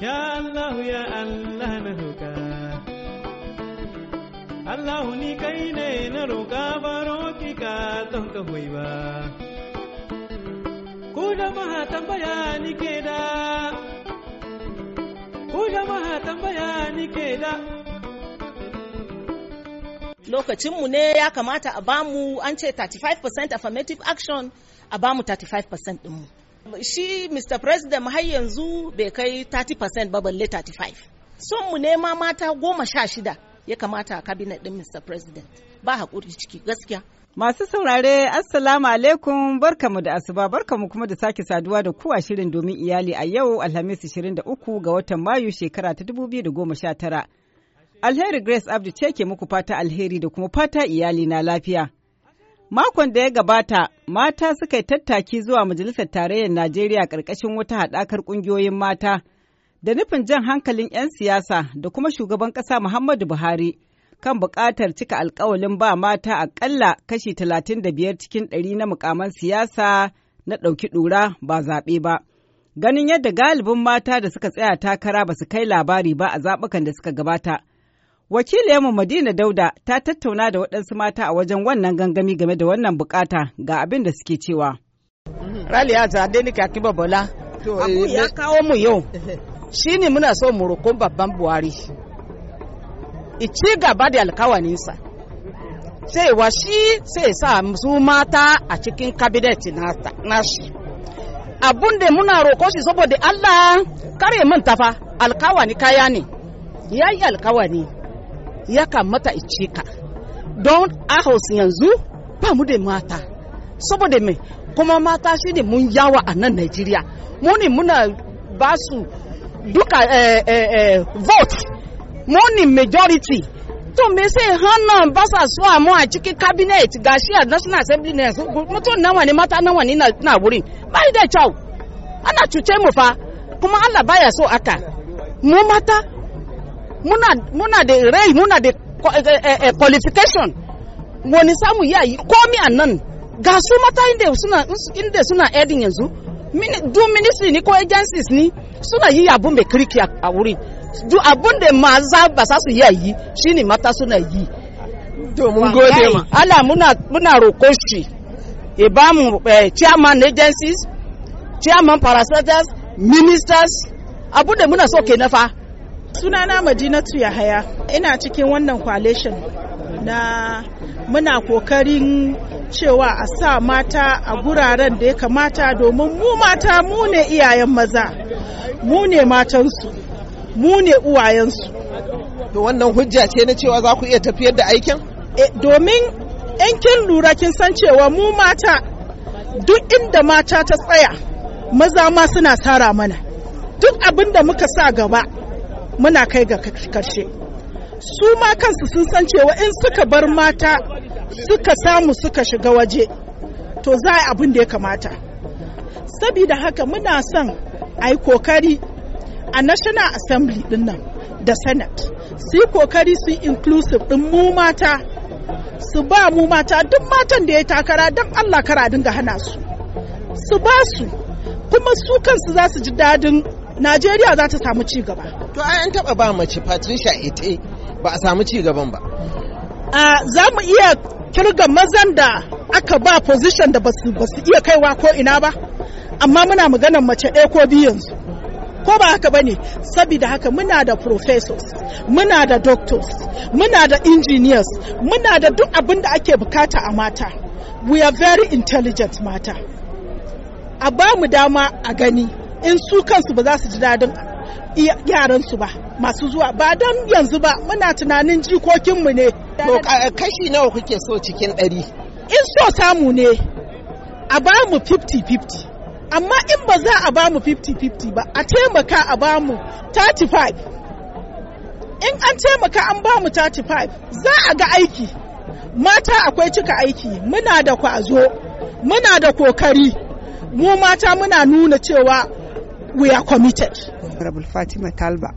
Ya Allah ya Allah na roƙa Allah ni kai ne na roƙa baro ki ka don ka hoyi ba Ku jama'a tambaya ni ke da Ku jama'a tambaya ni ke da Lokacinmu ne ya kamata a bamu an ce 35% affirmative action a bamu 35% ɗinmu. shi mr president har yanzu bai kai 30% ba balle 35 son mu nema mata goma sha shida ya kamata a kabinet din mr president ba haƙuri ciki gaskiya Masu saurare, Assalamu alaikum barkamu da asuba barkamu kuma da sake saduwa da kuwa shirin domin iyali a yau Alhamis 23 ga watan Mayu shekara ta 2019. Alheri Grace Abdu ce ke muku fata alheri da kuma fata iyali na lafiya. Makon da ya gabata, mata suka yi tattaki zuwa Majalisar Tarayyar Najeriya ƙarƙashin wata haɗakar ƙungiyoyin mata da nufin jan hankalin 'yan siyasa da kuma shugaban ƙasa Muhammadu Buhari kan buƙatar cika alƙawalin ba mata aƙalla kashi talatin da biyar cikin ɗari na mukaman siyasa na ɗauki ɗura ba zaɓe ba. Ganin yadda galibin mata da suka tsaya takara ba su kai labari ba a zaɓukan da suka gabata. Wakiliyarmu Madina Dauda ta tattauna da waɗansu mata a wajen wannan gangami game da wannan bukata ga abin da suke cewa. Raliya za ni kaki Bola. Abu eh, ya eh, kawo mu yau. Shi ne muna so mu roƙon babban Buhari. Ici gaba da alkawaninsa. Cewa shi sai sa su mata a cikin kabinet nashi. Abun da muna roko shi saboda Allah kare mun tafa alkawani kaya ne. Ya yi alkawani. ya kamata ice ka don a yanzu ba mu da mata saboda mai kuma mata shi ne mun yawa a nan Najeriya mu ne muna ba su duka eh, eh, eh, vote mu ne majority to me sai hannun ba sa so a mu a cikin cabinet shi a national assembly na yanzu mutum nawa ne mata nawa ne na wurin ba da kyau ana cuce mu fa kuma Allah baya so aka mu mata muna da rai muna da eh, eh, eh, qualification wani samu ya yi komi a nan ga su mata inda suna edin yanzu du ministry ni ko agencies ni suna yi abun mai kiriki a wurin du abun da maza ba sa su yi shine mata suna yi domin gode ma ala muna muna roƙo shi e ba mu chairman agencies chairman parastatals ministers abun da muna so ke nafa Sunana Madinatu haya. ina cikin wannan coalition na muna kokarin cewa a sa mata a guraren da ya kamata domin mu mata mu ne iyayen maza mu ne matansu mu ne uwayensu da wannan hujja ce na cewa za ku iya tafiyar da aikin eh, domin yan kin lura kin san cewa mu mata duk inda mata ta tsaya maza ma suna tsara mana duk abin da muka sa gaba muna kai ga karshe su ma kansu sun san cewa in suka bar mata suka samu suka shiga waje to za a abin da ya kamata saboda haka muna son a yi kokari a national assembly din nan da senate su yi kokari su inclusive din mu mata su ba mu mata duk matan da ya takara don allah kara dinga hana su su ba su kuma su kansu za su ji dadin najeriya za ta samu ci gaba to an taba ba mace Patricia Ete ba a samu ci gaban ba a za mu iya kirga mazan da aka ba position da basu basu iya kaiwa ko ina ba amma muna maganar mace ɗaya ko biyu yanzu ko ba haka bane saboda haka muna da professors muna da doctors muna da engineers muna da duk abin da ake bukata a mata we are very intelligent mata a ba mu dama a gani in su kansu ba za su ji dadin yaransu ba masu zuwa ba don yanzu ba muna tunanin jikokinmu ne. kashi nawa kuke so cikin ɗari? In so samu ne a ba mu 50-50. Amma in ba za a ba mu 50-50 ba a taimaka a ba mu 35. In an taimaka an ba mu 35 za a ga aiki. Mata akwai cika aiki muna da kwazo muna da kokari mu mata muna nuna cewa we are committed. Honorable Fatima Talba.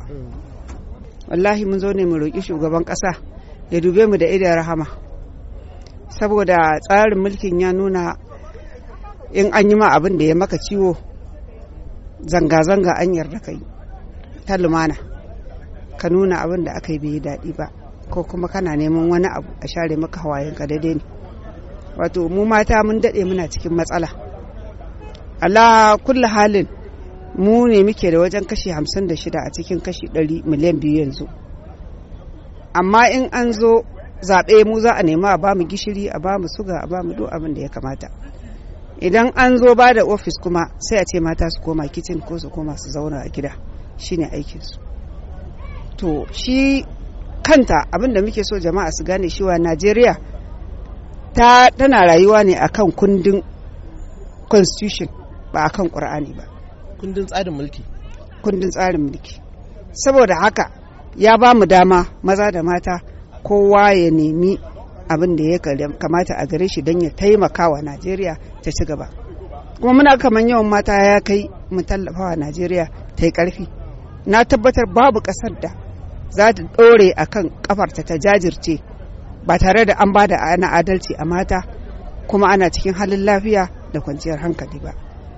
Wallahi mun zo ne mu roƙi shugaban ƙasa ya dube mu da idan rahama. Saboda tsarin mulkin ya nuna in an yi ma abin da ya maka ciwo zanga-zanga an yarda kai ta lumana ka nuna abin da aka yi bai daɗi ba ko kuma kana neman wani abu a share maka hawayen ka daidai ne wato mu mata mun daɗe muna cikin matsala Allah kulla halin mu ne muke da wajen kashi 56 a cikin kashi 100 miliyan biyu yanzu amma in an zo zaɓe mu za a nema a bamu gishiri a bamu suga a bamu duk abin da ya kamata idan an zo ba da ofis kuma sai a ce mata su koma kicin ko su koma su zauna a gida shine aikinsu to shi kanta abin da muke so jama'a su gane shiwa najeriya ta tana rayuwa ne akan kundin constitution ba kan ƙur'ani ba kundin tsarin mulki kundin tsarin mulki saboda haka ya ba mu dama maza da mata kowa ya nemi abin da ya kamata a gare shi don ya taimaka wa najeriya ta ci gaba kuma muna kaman yawan mata ya kai mu tallafa wa najeriya ta yi karfi na tabbatar babu ƙasar da za ta ɗore a kan kafarta ta jajirce ba tare da an ba da ana adalci a mata kuma ana cikin halin lafiya da kwanciyar hankali ba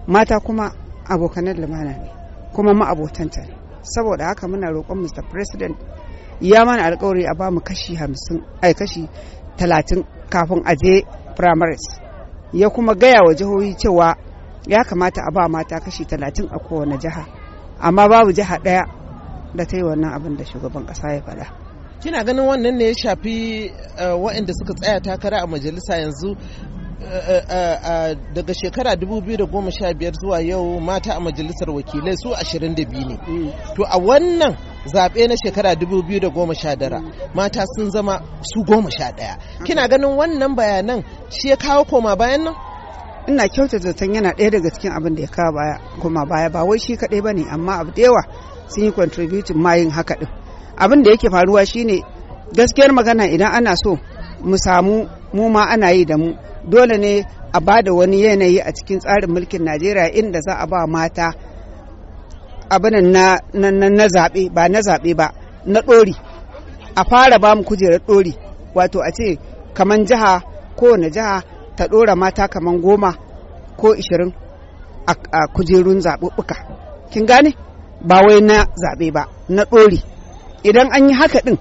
mata kuma abokanan lumana ne kuma ma'abotanta ne saboda haka muna roƙon mr president ya mana alkawari a bamu kashi hamsin ai kashi talatin kafin a je primaries ya kuma gaya wa jihohi cewa ya kamata a ba mata kashi talatin a kowane jiha amma babu jiha ɗaya da ta yi wannan abin da shugaban kasa ya faɗa. kina ganin wannan ne ya shafi eh, waɗanda suka tsaya takara a majalisa yanzu daga shekara 2015 zuwa yau mata a majalisar wakilai su 22 ne to a wannan zaɓe na shekara 2019 mata sun zama su 11 kina ganin wannan bayanan shi ya kawo koma bayan nan ina kyauta zaton yana ɗaya daga cikin abin da ya kawo baya kuma baya ba wai shi kaɗai ba ne amma abu da yawa sun yi contributing mayin haka ɗin abin da yake faruwa shine gaskiyar magana idan ana so mu samu mu ma ana yi da mu dole ne a ba da wani yanayi a cikin tsarin mulkin najeriya inda za a ba mata abinan na, na, na, na zaɓe ba na zaɓe ba na ɗori a fara ba mu kujerar ɗori wato a ce kaman jiha kowane jiha ta ɗora mata kaman goma ko ishirin a, a kujerun zaɓuɓɓuka kin gane ba wai na zaɓe ba na ɗori idan an yi haka ɗin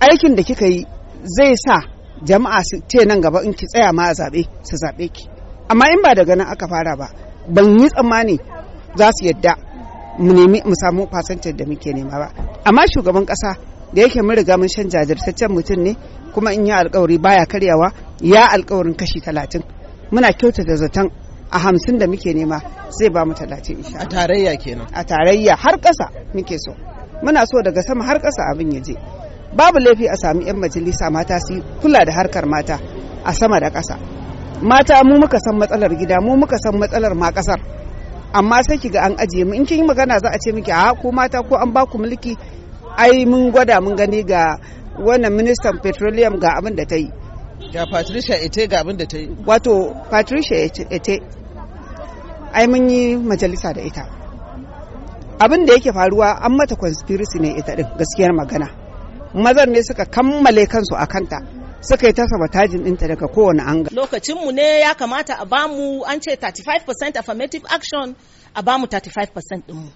aikin da kika yi zai sa jama'a su ce nan gaba in ki tsaya ma a zaɓe su zaɓe ki amma in ba daga nan aka fara ba ban yi tsammani za su yadda mu nemi mu samu fasantar da muke nema ba amma shugaban ƙasa da yake mun riga mun shan jajirtaccen mutum ne kuma in yi alkawari baya karyawa ya alkawarin kashi talatin muna kyautata zaton a hamsin da muke nema zai ba mu talatin insha a tarayya kenan a tarayya har ƙasa muke so muna so daga sama har ƙasa abin ya je babu laifi a sami 'yan majalisa mata su kula da harkar mata a sama da ƙasa mata mu muka san matsalar gida mu muka san matsalar ma ƙasar amma sai ki ga an ajiye mu in kin yi magana za a ce miki a ko mata ko an baku mulki ai mun gwada mun gani ga wannan ministan petroleum ga abin da ta yi ga patricia ete ga abin da ta yi wato patricia ete ai mun yi majalisa da ita abin da yake faruwa an mata conspiracy ne ita din gaskiyar magana mazan ne suka kammale kansu a kanta suka yi tasa batajin ɗinta daga kowane anga. Lokacinmu ne ya kamata a bamu an ce 35% affirmative action a bamu 35% ɗinmu.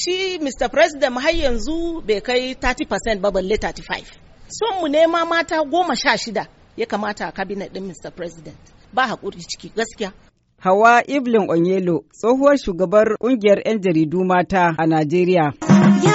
Shi Mr. President har yanzu bai kai 30% ba balle 35. Son mu ne ma mata goma sha shida ya kamata a kabinet ɗin Mr. President. Ba haƙuri ciki gaskiya. Hawa Evelyn Onyelo, tsohuwar shugabar ƙungiyar 'yan jaridu mata a Najeriya. Ya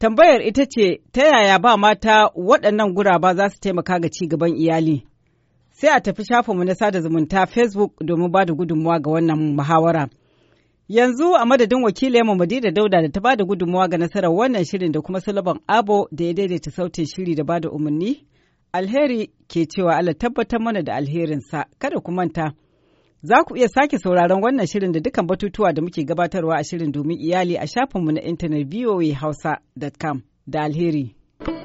Tambayar ita ce, ta yaya ba mata waɗannan guraba za su taimaka ga ci gaban iyali? Sai a tafi shafinmu na sada zumunta Facebook domin ba da gudunmuwa ga wannan muhawara. Yanzu a madadin wakilinmu Madina Dauda da ta ba da gudunmuwa ga nasarar wannan shirin da kuma sulaban Abo da ya daidaita sautin shiri da ba da umarni, alheri ke cewa Allah tabbatar mana da alherinsa, kada ku manta. Za ku iya sake sauraron wannan shirin da dukkan batutuwa da muke gabatarwa a shirin domin iyali a shafinmu na intanet voahausa.com da alheri.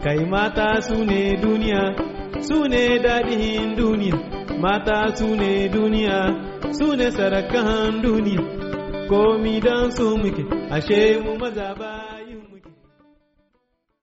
Kai mata su ne duniya, su ne daɗin duniya, mata su ne duniya, su ne sarakan duniya, komi don su muke, ashe mu maza ba.